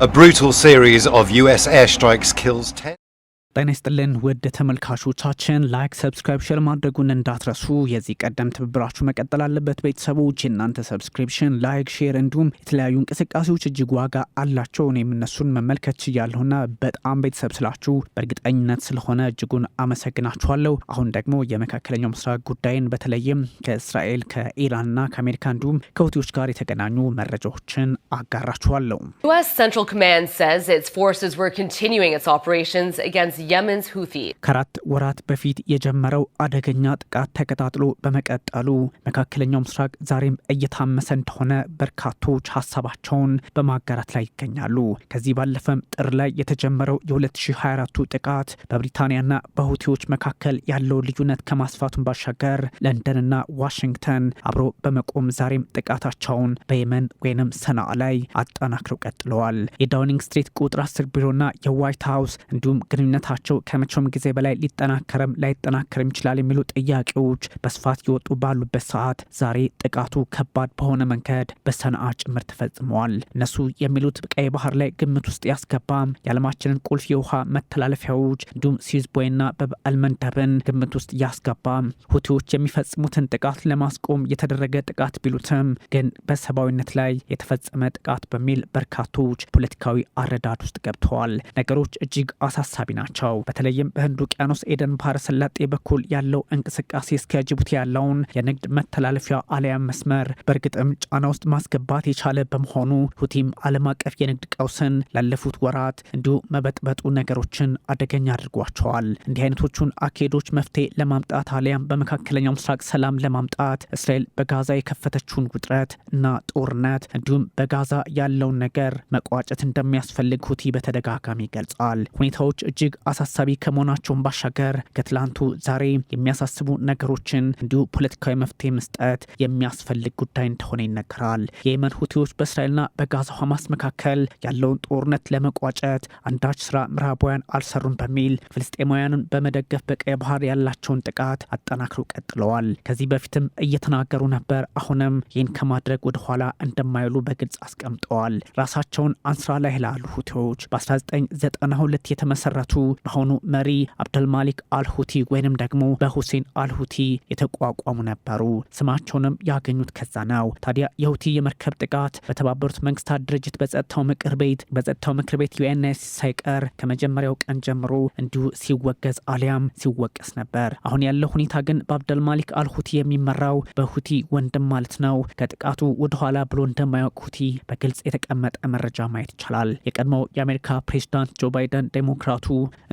A brutal series of US airstrikes kills 10. ጤና ይስጥልን ውድ ተመልካቾቻችን፣ ላይክ ሰብስክራይብ፣ ሸር ማድረጉን እንዳትረሱ። የዚህ ቀደም ትብብራችሁ መቀጠል አለበት። ቤተሰቦች የእናንተ ሰብስክሪፕሽን፣ ላይክ፣ ሼር እንዲሁም የተለያዩ እንቅስቃሴዎች እጅግ ዋጋ አላቸው። እኔም እነሱን መመልከት ችያለሁና በጣም ቤተሰብ ስላችሁ በእርግጠኝነት ስለሆነ እጅጉን አመሰግናችኋለሁ። አሁን ደግሞ የመካከለኛው ምስራቅ ጉዳይን በተለይም ከእስራኤል ከኢራንና ከአሜሪካ እንዲሁም ከሁቲዎች ጋር የተገናኙ መረጃዎችን አጋራችኋለሁ። ከአራት ወራት በፊት የጀመረው አደገኛ ጥቃት ተቀጣጥሎ በመቀጠሉ መካከለኛው ምስራቅ ዛሬም እየታመሰ እንደሆነ በርካቶች ሀሳባቸውን በማጋራት ላይ ይገኛሉ። ከዚህ ባለፈም ጥር ላይ የተጀመረው የ2024ቱ ጥቃት በብሪታንያና በሁቲዎች መካከል ያለው ልዩነት ከማስፋቱን ባሻገር ለንደንና ዋሽንግተን አብሮ በመቆም ዛሬም ጥቃታቸውን በየመን ወይንም ሰናአ ላይ አጠናክረው ቀጥለዋል። የዳውኒንግ ስትሪት ቁጥር አስር ቢሮና የዋይት ሀውስ እንዲሁም ግንኙነት ግንኙነታቸው ከመቼውም ጊዜ በላይ ሊጠናከርም ላይጠናከርም ይችላል የሚሉ ጥያቄዎች በስፋት የወጡ ባሉበት ሰዓት ዛሬ ጥቃቱ ከባድ በሆነ መንገድ በሰነአ ጭምር ተፈጽመዋል። እነሱ የሚሉት ቀይ ባህር ላይ ግምት ውስጥ ያስገባም የዓለማችንን ቁልፍ የውሃ መተላለፊያዎች እንዲሁም ስዊዝ ቦይና በበዓል መንደብን ግምት ውስጥ ያስገባም ሁቲዎች የሚፈጽሙትን ጥቃት ለማስቆም የተደረገ ጥቃት ቢሉትም ግን በሰብአዊነት ላይ የተፈጸመ ጥቃት በሚል በርካቶች ፖለቲካዊ አረዳድ ውስጥ ገብተዋል። ነገሮች እጅግ አሳሳቢ ናቸው። ናቸው። በተለይም በህንድ ውቅያኖስ ኤደን ባህረ ሰላጤ በኩል ያለው እንቅስቃሴ እስከ ጅቡቲ ያለውን የንግድ መተላለፊያ አልያም መስመር በእርግጥም ጫና ውስጥ ማስገባት የቻለ በመሆኑ ሁቲም ዓለም አቀፍ የንግድ ቀውስን ላለፉት ወራት እንዲሁ መበጥበጡ ነገሮችን አደገኛ አድርጓቸዋል። እንዲህ አይነቶቹን አካሄዶች መፍትሄ ለማምጣት አልያም በመካከለኛው ምስራቅ ሰላም ለማምጣት እስራኤል በጋዛ የከፈተችውን ውጥረት እና ጦርነት እንዲሁም በጋዛ ያለውን ነገር መቋጨት እንደሚያስፈልግ ሁቲ በተደጋጋሚ ይገልጻል። ሁኔታዎች እጅግ አሳሳቢ ከመሆናቸውን ባሻገር ከትላንቱ ዛሬ የሚያሳስቡ ነገሮችን እንዲሁ ፖለቲካዊ መፍትሄ መስጠት የሚያስፈልግ ጉዳይ እንደሆነ ይነገራል። የየመን ሁቲዎች በእስራኤልና በጋዛ ሐማስ መካከል ያለውን ጦርነት ለመቋጨት አንዳች ስራ ምዕራባውያን አልሰሩም በሚል ፍልስጤማውያንን በመደገፍ በቀይ ባህር ያላቸውን ጥቃት አጠናክረው ቀጥለዋል። ከዚህ በፊትም እየተናገሩ ነበር። አሁንም ይህን ከማድረግ ወደኋላ እንደማይሉ በግልጽ አስቀምጠዋል። ራሳቸውን አንስራ ላይ ላሉ ሁቲዎች በ1992 የተመሰረቱ በአሁኑ መሪ አብደልማሊክ አልሁቲ ወይንም ደግሞ በሁሴን አልሁቲ የተቋቋሙ ነበሩ። ስማቸውንም ያገኙት ከዛ ነው። ታዲያ የሁቲ የመርከብ ጥቃት በተባበሩት መንግስታት ድርጅት በጸጥታው ምክር ቤት በጸጥታው ምክር ቤት ዩኤንኤስ ሳይቀር ከመጀመሪያው ቀን ጀምሮ እንዲሁ ሲወገዝ አሊያም ሲወቀስ ነበር። አሁን ያለው ሁኔታ ግን በአብደልማሊክ አልሁቲ የሚመራው በሁቲ ወንድም ማለት ነው ከጥቃቱ ወደኋላ ብሎ እንደማያውቅ ሁቲ በግልጽ የተቀመጠ መረጃ ማየት ይቻላል። የቀድሞው የአሜሪካ ፕሬዚዳንት ጆ ባይደን ዴሞክራቱ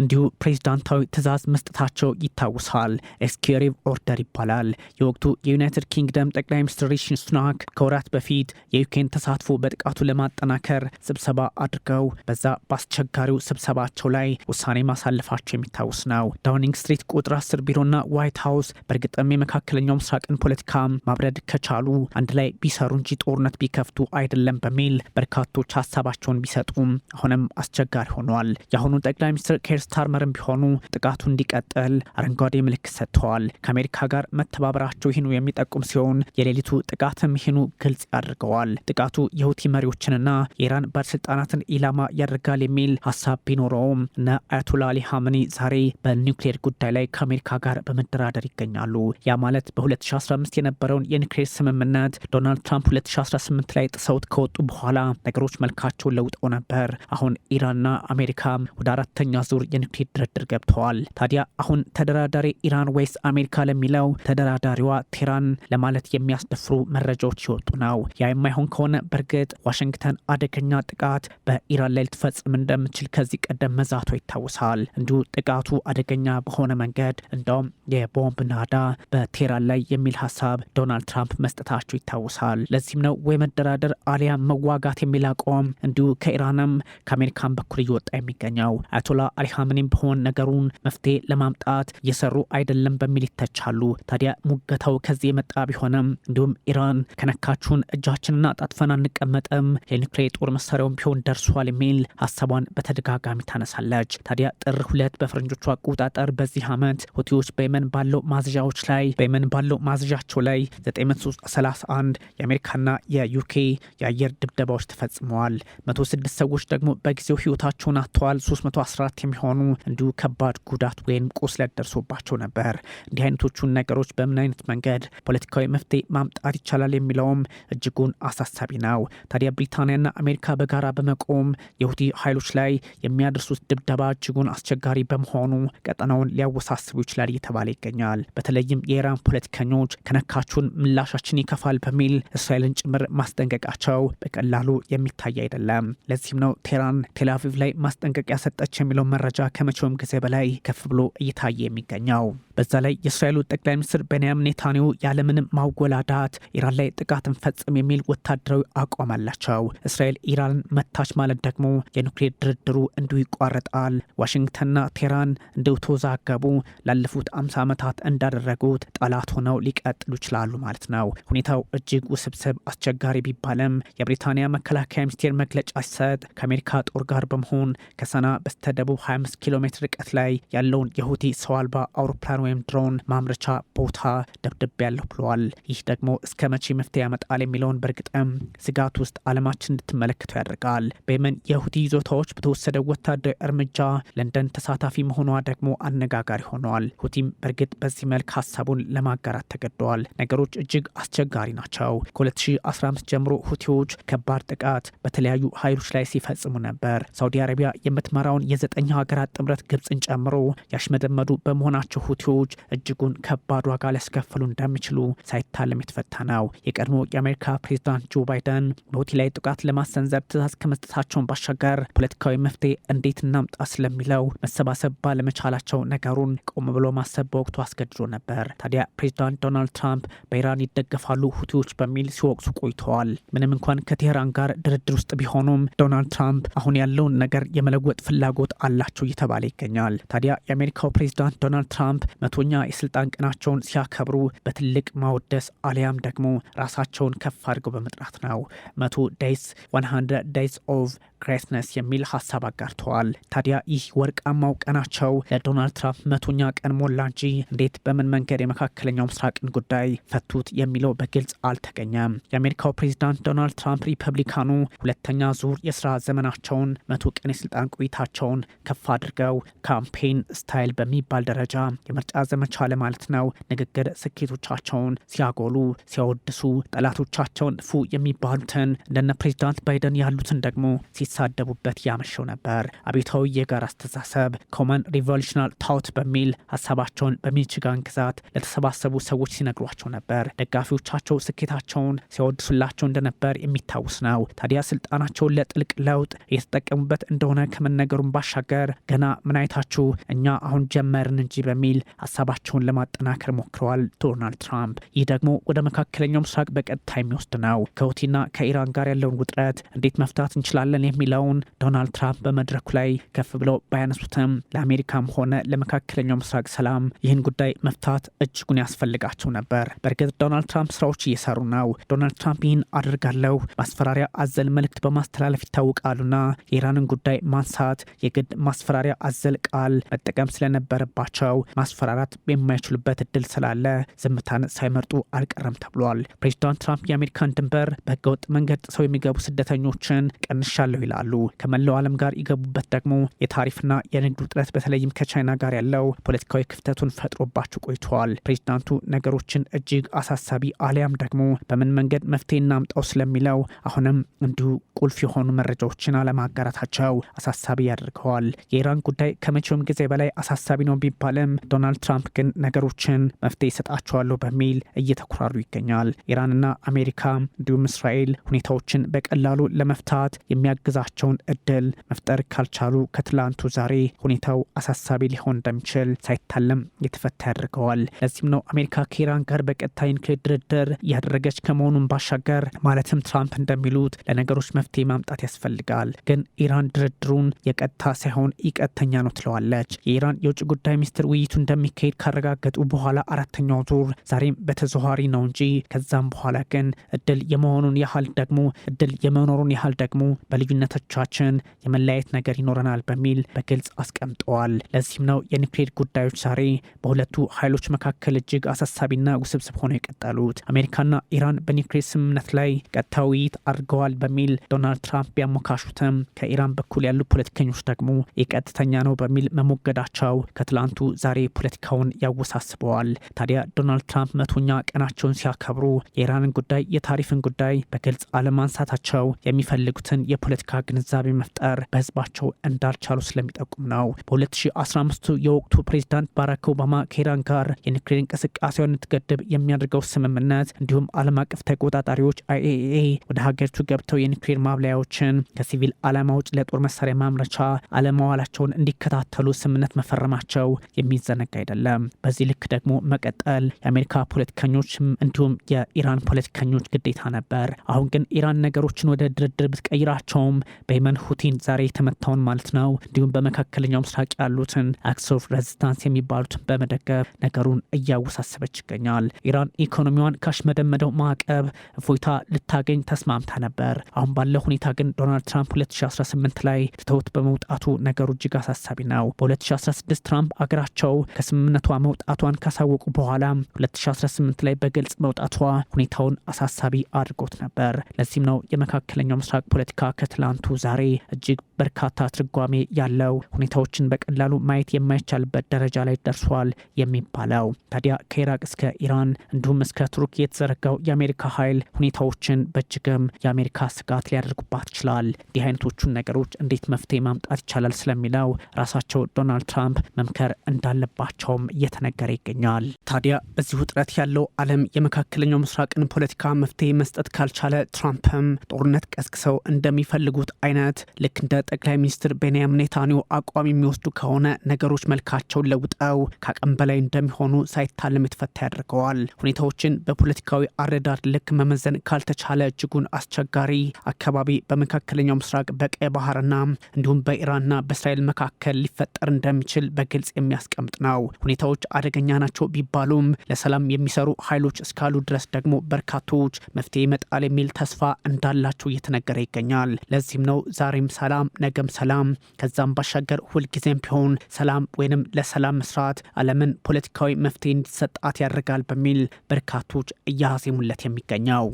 እንዲሁ ፕሬዚዳንታዊ ትዕዛዝ መስጠታቸው ይታወሳል። ኤስኪሪቭ ኦርደር ይባላል። የወቅቱ የዩናይትድ ኪንግደም ጠቅላይ ሚኒስትር ሪሺ ሱናክ ከወራት በፊት የዩኬን ተሳትፎ በጥቃቱ ለማጠናከር ስብሰባ አድርገው በዛ በአስቸጋሪው ስብሰባቸው ላይ ውሳኔ ማሳለፋቸው የሚታወስ ነው። ዳውኒንግ ስትሪት ቁጥር አስር ቢሮና ዋይት ሀውስ በእርግጥም የመካከለኛው ምስራቅን ፖለቲካ ማብረድ ከቻሉ አንድ ላይ ቢሰሩ እንጂ ጦርነት ቢከፍቱ አይደለም በሚል በርካቶች ሀሳባቸውን ቢሰጡም አሁንም አስቸጋሪ ሆኗል። የአሁኑ ጠቅላይ ሚኒስትር ስታርመርም ቢሆኑ ጥቃቱ እንዲቀጥል አረንጓዴ ምልክት ሰጥተዋል። ከአሜሪካ ጋር መተባበራቸው ይህኑ የሚጠቁም ሲሆን የሌሊቱ ጥቃትም ይህኑ ግልጽ ያደርገዋል። ጥቃቱ የሁቲ መሪዎችንና የኢራን ባለስልጣናትን ኢላማ ያደርጋል የሚል ሀሳብ ቢኖረውም እነ አያቶላ አሊ ሀመኒ ዛሬ በኒውክሌር ጉዳይ ላይ ከአሜሪካ ጋር በመደራደር ይገኛሉ። ያ ማለት በ2015 የነበረውን የኒውክሌር ስምምነት ዶናልድ ትራምፕ 2018 ላይ ጥሰውት ከወጡ በኋላ ነገሮች መልካቸውን ለውጠው ነበር። አሁን ኢራንና አሜሪካ ወደ አራተኛ ዙር የንግድ ድርድር ገብተዋል። ታዲያ አሁን ተደራዳሪ ኢራን ወይስ አሜሪካ ለሚለው ተደራዳሪዋ ቴህራን ለማለት የሚያስደፍሩ መረጃዎች ይወጡ ነው። ያ የማይሆን ከሆነ በእርግጥ ዋሽንግተን አደገኛ ጥቃት በኢራን ላይ ልትፈጽም እንደምትችል ከዚህ ቀደም መዛቷ ይታወሳል። እንዲሁ ጥቃቱ አደገኛ በሆነ መንገድ እንደውም የቦምብ ናዳ በቴህራን ላይ የሚል ሀሳብ ዶናልድ ትራምፕ መስጠታቸው ይታወሳል። ለዚህም ነው ወይ መደራደር አሊያ መዋጋት የሚል አቋም እንዲሁ ከኢራንም ከአሜሪካን በኩል እየወጣ የሚገኘው አያቶላ አሊ ምንም ቢሆን ነገሩን መፍትሄ ለማምጣት እየሰሩ አይደለም በሚል ይተቻሉ። ታዲያ ሙገታው ከዚህ የመጣ ቢሆንም እንዲሁም ኢራን ከነካችሁን እጃችንና አጣጥፈን አንቀመጥም የኒውክሌር ጦር መሳሪያውን ቢሆን ደርሷል የሚል ሀሳቧን በተደጋጋሚ ታነሳለች። ታዲያ ጥር ሁለት በፈረንጆቹ አቆጣጠር በዚህ ዓመት ሁቲዎች በየመን ባለው ማዘዣዎች ላይ በየመን ባለው ማዘዣቸው ላይ 931 የአሜሪካና የዩኬ የአየር ድብደባዎች ተፈጽመዋል። 106 ሰዎች ደግሞ በጊዜው ህይወታቸውን አጥተዋል። 314 የሚሆን ሲሆኑ እንዲሁ ከባድ ጉዳት ወይም ቁስለት ደርሶባቸው ነበር። እንዲህ አይነቶቹን ነገሮች በምን አይነት መንገድ ፖለቲካዊ መፍትሄ ማምጣት ይቻላል የሚለውም እጅጉን አሳሳቢ ነው። ታዲያ ብሪታንያና አሜሪካ በጋራ በመቆም የሁቲ ኃይሎች ላይ የሚያደርሱት ድብደባ እጅጉን አስቸጋሪ በመሆኑ ቀጠናውን ሊያወሳስቡ ይችላል እየተባለ ይገኛል። በተለይም የኢራን ፖለቲከኞች ከነካቹን ምላሻችን ይከፋል በሚል እስራኤልን ጭምር ማስጠንቀቃቸው በቀላሉ የሚታይ አይደለም። ለዚህም ነው ቴህራን ቴላቪቭ ላይ ማስጠንቀቂያ ሰጠች የሚለው መረጃ ደረጃ ከመቼውም ጊዜ በላይ ከፍ ብሎ እየታየ የሚገኘው። በዛ ላይ የእስራኤሉ ጠቅላይ ሚኒስትር ቤንያም ኔታንያሁ ያለምንም ማጎላዳት ኢራን ላይ ጥቃት እንፈጽም የሚል ወታደራዊ አቋም አላቸው። እስራኤል ኢራንን መታች ማለት ደግሞ የኒውክሌር ድርድሩ እንዲሁ ይቋረጣል። ዋሽንግተንና ቴህራን እንደው ተወዛገቡ ላለፉት አምሳ ዓመታት እንዳደረጉት ጠላት ሆነው ሊቀጥሉ ይችላሉ ማለት ነው። ሁኔታው እጅግ ውስብስብ አስቸጋሪ ቢባልም የብሪታንያ መከላከያ ሚኒስቴር መግለጫ ሲሰጥ ከአሜሪካ ጦር ጋር በመሆን ከሰና በስተደቡብ 25 አምስት ኪሎ ሜትር ርቀት ላይ ያለውን የሁቲ ሰው አልባ አውሮፕላን ወይም ድሮን ማምረቻ ቦታ ደብደብ ያለሁ ብለዋል። ይህ ደግሞ እስከ መቼ መፍትሄ ያመጣል የሚለውን በእርግጥም ስጋት ውስጥ አለማችን እንድትመለከተው ያደርጋል። በየመን የሁቲ ይዞታዎች በተወሰደ ወታደራዊ እርምጃ ለንደን ተሳታፊ መሆኗ ደግሞ አነጋጋሪ ሆነዋል። ሁቲም በእርግጥ በዚህ መልክ ሀሳቡን ለማጋራት ተገደዋል። ነገሮች እጅግ አስቸጋሪ ናቸው። ከ2015 ጀምሮ ሁቲዎች ከባድ ጥቃት በተለያዩ ኃይሎች ላይ ሲፈጽሙ ነበር። ሳውዲ አረቢያ የምትመራውን የዘጠኝ ሀገራት የሀገራት ጥምረት ግብፅን ጨምሮ ያሽመደመዱ በመሆናቸው ሁቲዎች እጅጉን ከባድ ዋጋ ሊያስከፍሉ እንደሚችሉ ሳይታለም የተፈታ ነው። የቀድሞ የአሜሪካ ፕሬዚዳንት ጆ ባይደን በሁቲ ላይ ጥቃት ለማሰንዘር ትእዛዝ ከመስጠታቸውን ባሻገር ፖለቲካዊ መፍትሄ እንዴት እናምጣ ስለሚለው መሰባሰብ ባለመቻላቸው ነገሩን ቆም ብሎ ማሰብ በወቅቱ አስገድዶ ነበር። ታዲያ ፕሬዚዳንት ዶናልድ ትራምፕ በኢራን ይደገፋሉ ሁቲዎች በሚል ሲወቅሱ ቆይተዋል። ምንም እንኳን ከቴህራን ጋር ድርድር ውስጥ ቢሆኑም ዶናልድ ትራምፕ አሁን ያለውን ነገር የመለወጥ ፍላጎት አላቸው እየተባለ ይገኛል። ታዲያ የአሜሪካው ፕሬዚዳንት ዶናልድ ትራምፕ መቶኛ የስልጣን ቀናቸውን ሲያከብሩ በትልቅ ማወደስ አሊያም ደግሞ ራሳቸውን ከፍ አድርገው በመጥራት ነው። መቶ ዳይስ 100 ዳይስ ኦፍ ክሬስነስ የሚል ሀሳብ አጋርተዋል። ታዲያ ይህ ወርቃማው ቀናቸው ለዶናልድ ትራምፕ መቶኛ ቀን ሞላ እንጂ እንዴት በምን መንገድ የመካከለኛው ምስራቅን ጉዳይ ፈቱት የሚለው በግልጽ አልተገኘም። የአሜሪካው ፕሬዚዳንት ዶናልድ ትራምፕ ሪፐብሊካኑ ሁለተኛ ዙር የስራ ዘመናቸውን መቶ ቀን የስልጣን ቆይታቸውን ከፍ አድርገው ካምፔን ስታይል በሚባል ደረጃ የምርጫ ዘመቻ ለማለት ነው ንግግር ስኬቶቻቸውን ሲያጎሉ ሲያወድሱ፣ ጠላቶቻቸውን ፉ የሚባሉትን እንደነ ፕሬዚዳንት ባይደን ያሉትን ደግሞ ሲሳደቡበት ያመሸው ነበር። አብዮታዊ የጋራ አስተሳሰብ ኮመን ሪቮሉሽናል ታውት በሚል ሀሳባቸውን በሚችጋን ግዛት ለተሰባሰቡ ሰዎች ሲነግሯቸው ነበር። ደጋፊዎቻቸው ስኬታቸውን ሲያወድሱላቸው እንደነበር የሚታወስ ነው። ታዲያ ስልጣናቸውን ለጥልቅ ለውጥ እየተጠቀሙበት እንደሆነ ከመነገሩን ባሻገር ገና ምን አይታችሁ እኛ አሁን ጀመርን እንጂ በሚል ሀሳባቸውን ለማጠናከር ሞክረዋል ዶናልድ ትራምፕ። ይህ ደግሞ ወደ መካከለኛው ምስራቅ በቀጥታ የሚወስድ ነው። ከሁቲና ከኢራን ጋር ያለውን ውጥረት እንዴት መፍታት እንችላለን የሚለውን ዶናልድ ትራምፕ በመድረኩ ላይ ከፍ ብለው ባያነሱትም ለአሜሪካም ሆነ ለመካከለኛው ምስራቅ ሰላም ይህን ጉዳይ መፍታት እጅጉን ያስፈልጋቸው ነበር። በእርግጥ ዶናልድ ትራምፕ ስራዎች እየሰሩ ነው። ዶናልድ ትራምፕ ይህን አድርጋለሁ ማስፈራሪያ አዘል መልእክት በማስተላለፍ ይታወቃሉና የኢራንን ጉዳይ ማንሳት የግድ ማስፈራሪያ አዘል ቃል መጠቀም ስለነበረባቸው ማስፈራራት የማይችሉበት እድል ስላለ ዝምታን ሳይመርጡ አልቀረም ተብሏል። ፕሬዚዳንት ትራምፕ የአሜሪካን ድንበር በህገወጥ መንገድ ጥሰው የሚገቡ ስደተኞችን ቀንሻለሁ ይላሉ። ከመላው ዓለም ጋር የገቡበት ደግሞ የታሪፍና የንግድ ውጥረት በተለይም ከቻይና ጋር ያለው ፖለቲካዊ ክፍተቱን ፈጥሮባቸው ቆይተዋል። ፕሬዚዳንቱ ነገሮችን እጅግ አሳሳቢ አሊያም ደግሞ በምን መንገድ መፍትሄ እናምጣው ስለሚለው አሁንም እንዲሁ ቁልፍ የሆኑ መረጃዎችን አለማጋራታቸው አሳሳቢ ያደርገዋል። የኢራን ጉዳይ ከመቼውም ጊዜ በላይ አሳሳቢ ነው ቢባልም ዶናልድ ትራምፕ ግን ነገሮችን መፍትሄ ይሰጣቸዋለሁ በሚል እየተኩራሩ ይገኛል። ኢራንና አሜሪካ እንዲሁም እስራኤል ሁኔታዎችን በቀላሉ ለመፍታት የሚያግዛ የራሳቸውን እድል መፍጠር ካልቻሉ ከትላንቱ ዛሬ ሁኔታው አሳሳቢ ሊሆን እንደሚችል ሳይታለም የተፈታ ያደርገዋል። ለዚህም ነው አሜሪካ ከኢራን ጋር በቀጥታ የኒውክሌር ድርድር እያደረገች ከመሆኑን ባሻገር ማለትም ትራምፕ እንደሚሉት ለነገሮች መፍትሄ ማምጣት ያስፈልጋል። ግን ኢራን ድርድሩን የቀጥታ ሳይሆን ኢቀጥተኛ ነው ትለዋለች። የኢራን የውጭ ጉዳይ ሚኒስትር ውይይቱ እንደሚካሄድ ካረጋገጡ በኋላ አራተኛው ዙር ዛሬም በተዘዋዋሪ ነው እንጂ ከዛም በኋላ ግን እድል የመሆኑን ያህል ደግሞ እድል የመኖሩን ያህል ደግሞ በልዩነት ግንኙነቶቻችን የመለያየት ነገር ይኖረናል በሚል በግልጽ አስቀምጠዋል። ለዚህም ነው የኒውክሌር ጉዳዮች ዛሬ በሁለቱ ኃይሎች መካከል እጅግ አሳሳቢና ውስብስብ ሆነው የቀጠሉት። አሜሪካና ኢራን በኒውክሌር ስምምነት ላይ ቀጥታ ውይይት አድርገዋል በሚል ዶናልድ ትራምፕ ቢያሞካሹትም ከኢራን በኩል ያሉ ፖለቲከኞች ደግሞ የቀጥተኛ ነው በሚል መሞገዳቸው ከትላንቱ ዛሬ ፖለቲካውን ያወሳስበዋል። ታዲያ ዶናልድ ትራምፕ መቶኛ ቀናቸውን ሲያከብሩ የኢራንን ጉዳይ የታሪፍን ጉዳይ በግልጽ አለማንሳታቸው የሚፈልጉትን የፖለቲካ የፖለቲካ ግንዛቤ መፍጠር በህዝባቸው እንዳልቻሉ ስለሚጠቁም ነው። በ2015 የወቅቱ ፕሬዚዳንት ባራክ ኦባማ ከኢራን ጋር የኒክሌር እንቅስቃሴውን እንድትገድብ የሚያደርገው ስምምነት እንዲሁም ዓለም አቀፍ ተቆጣጣሪዎች አይኤኤ ወደ ሀገሪቱ ገብተው የኒክሌር ማብለያዎችን ከሲቪል ዓላማ ውጭ ለጦር መሳሪያ ማምረቻ አለማዋላቸውን እንዲከታተሉ ስምምነት መፈረማቸው የሚዘነጋ አይደለም። በዚህ ልክ ደግሞ መቀጠል የአሜሪካ ፖለቲከኞችም እንዲሁም የኢራን ፖለቲከኞች ግዴታ ነበር። አሁን ግን ኢራን ነገሮችን ወደ ድርድር ብትቀይራቸውም በየመን ሁቲን ዛሬ የተመታውን ማለት ነው እንዲሁም በመካከለኛው ምስራቅ ያሉትን አክስ ኦፍ ሬዚስታንስ የሚባሉትን በመደገፍ ነገሩን እያወሳሰበች ይገኛል። ኢራን ኢኮኖሚዋን ካሽመደመደው ማዕቀብ እፎይታ ልታገኝ ተስማምታ ነበር። አሁን ባለው ሁኔታ ግን ዶናልድ ትራምፕ 2018 ላይ ትተውት በመውጣቱ ነገሩ እጅግ አሳሳቢ ነው። በ2016 ትራምፕ አገራቸው ከስምምነቷ መውጣቷን ካሳወቁ በኋላ 2018 ላይ በግልጽ መውጣቷ ሁኔታውን አሳሳቢ አድርጎት ነበር። ለዚህም ነው የመካከለኛው ምስራቅ ፖለቲካ ከትላ ፕሬዚዳንቱ ዛሬ እጅግ በርካታ ትርጓሜ ያለው ሁኔታዎችን በቀላሉ ማየት የማይቻልበት ደረጃ ላይ ደርሷል የሚባለው ታዲያ ከኢራቅ እስከ ኢራን እንዲሁም እስከ ቱርክ የተዘረጋው የአሜሪካ ኃይል ሁኔታዎችን በእጅግም የአሜሪካ ስጋት ሊያደርጉባት ይችላል። እንዲህ አይነቶቹን ነገሮች እንዴት መፍትሄ ማምጣት ይቻላል ስለሚለው ራሳቸው ዶናልድ ትራምፕ መምከር እንዳለባቸውም እየተነገረ ይገኛል። ታዲያ በዚህ ውጥረት ያለው ዓለም የመካከለኛው ምስራቅን ፖለቲካ መፍትሄ መስጠት ካልቻለ ትራምፕም ጦርነት ቀስቅሰው እንደሚፈልጉት አይነት ልክ እንደ ጠቅላይ ሚኒስትር ቤንያሚን ኔታንያሁ አቋም የሚወስዱ ከሆነ ነገሮች መልካቸውን ለውጠው ከአቅም በላይ እንደሚሆኑ ሳይታለም የተፈታ ያደርገዋል። ሁኔታዎችን በፖለቲካዊ አረዳድ ልክ መመዘን ካልተቻለ እጅጉን አስቸጋሪ አካባቢ በመካከለኛው ምስራቅ በቀይ ባህርና እንዲሁም በኢራንና በእስራኤል መካከል ሊፈጠር እንደሚችል በግልጽ የሚያስቀምጥ ነው። ሁኔታዎች አደገኛ ናቸው ቢባሉም ለሰላም የሚሰሩ ኃይሎች እስካሉ ድረስ ደግሞ በርካቶች መፍትሄ ይመጣል የሚል ተስፋ እንዳላቸው እየተነገረ ይገኛል። ለዚህም ነው ዛሬም ሰላም ነገም ሰላም፣ ከዛም ባሻገር ሁልጊዜም ቢሆን ሰላም ወይንም ለሰላም መስራት ዓለምን ፖለቲካዊ መፍትሄ እንዲሰጣት ያደርጋል በሚል በርካቶች እያዜሙለት የሚገኘው